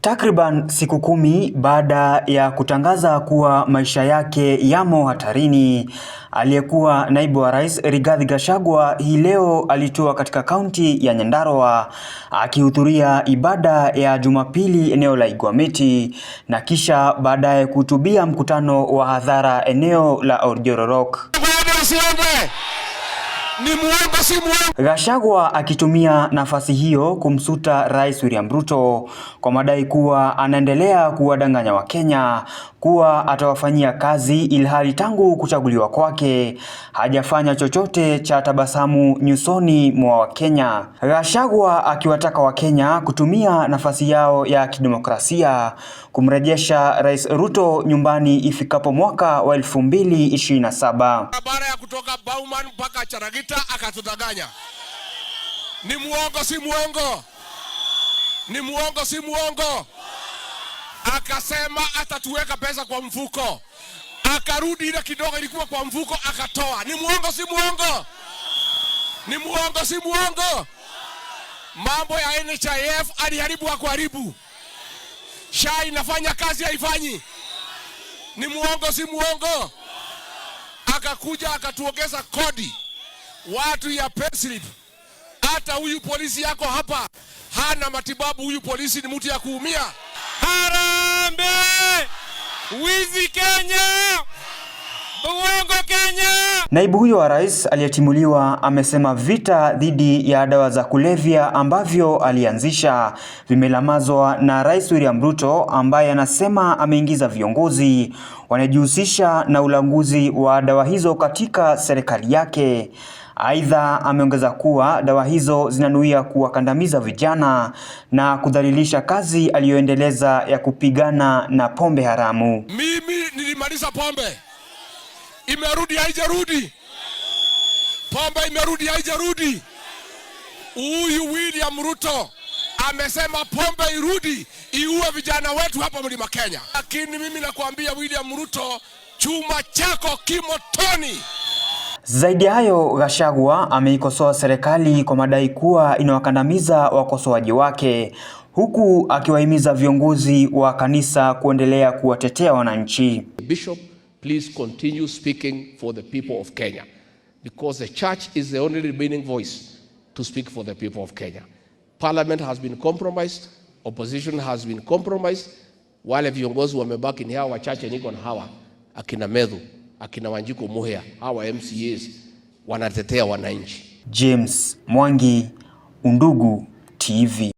Takriban siku kumi baada ya kutangaza kuwa maisha yake yamo hatarini, aliyekuwa naibu wa rais Rigathi Gachagua hii leo alitua katika kaunti ya Nyandarua akihudhuria ibada ya Jumapili eneo la Igwamiti na kisha baadaye kuhutubia mkutano wa hadhara eneo la Orjororok. Ni muongo si muongo. Gachagua akitumia nafasi hiyo kumsuta Rais William Ruto kwa madai kuwa anaendelea kuwadanganya Wakenya kuwa atawafanyia kazi ilhali tangu kuchaguliwa kwake hajafanya chochote cha tabasamu nyusoni mwa Wakenya. Gachagua akiwataka Wakenya kutumia nafasi yao ya kidemokrasia kumrejesha Rais Ruto nyumbani ifikapo mwaka wa 2027. Barabara ya kutoka Bauman mpaka Charagita alituita akatudanganya. Ni muongo, si muongo? Ni muongo, si muongo? Akasema atatuweka pesa kwa mfuko, akarudi ile kidogo ilikuwa kwa mfuko akatoa. Ni muongo, si muongo? Ni muongo, si muongo? Mambo ya NHIF aliharibu, akuharibu. SHA inafanya kazi, haifanyi. Ni muongo, si muongo? Akakuja akatuongeza kodi watu ya payslip. Hata huyu polisi yako hapa hana matibabu, huyu polisi ni mtu ya kuumia. Harambee! Wizi Kenya! Uongo Kenya! Naibu huyo wa rais aliyetimuliwa amesema vita dhidi ya dawa za kulevya ambavyo alianzisha vimelamazwa na Rais William Ruto ambaye anasema ameingiza viongozi wanajihusisha na ulanguzi wa dawa hizo katika serikali yake. Aidha, ameongeza kuwa dawa hizo zinanuia kuwakandamiza vijana na kudhalilisha kazi aliyoendeleza ya kupigana na pombe haramu. Mimi nilimaliza pombe imerudi haijarudi? Pombe imerudi haijarudi? Huyu William Ruto amesema pombe irudi iue vijana wetu hapa mlima Kenya, lakini mimi nakuambia William Ruto, chuma chako kimotoni. Zaidi ya hayo, Gachagua ameikosoa serikali kwa madai kuwa inawakandamiza wakosoaji wake, huku akiwahimiza viongozi wa kanisa kuendelea kuwatetea wananchi Bishop please continue speaking for the people of Kenya because the church is the only remaining voice to speak for the people of Kenya. Parliament has been compromised, opposition has been compromised. Wale viongozi wamebaki ni hawa wachache niko na hawa akina Medhu, akina Wanjiku Muhia, hawa MCAs wanatetea wananchi. James Mwangi, Undugu TV.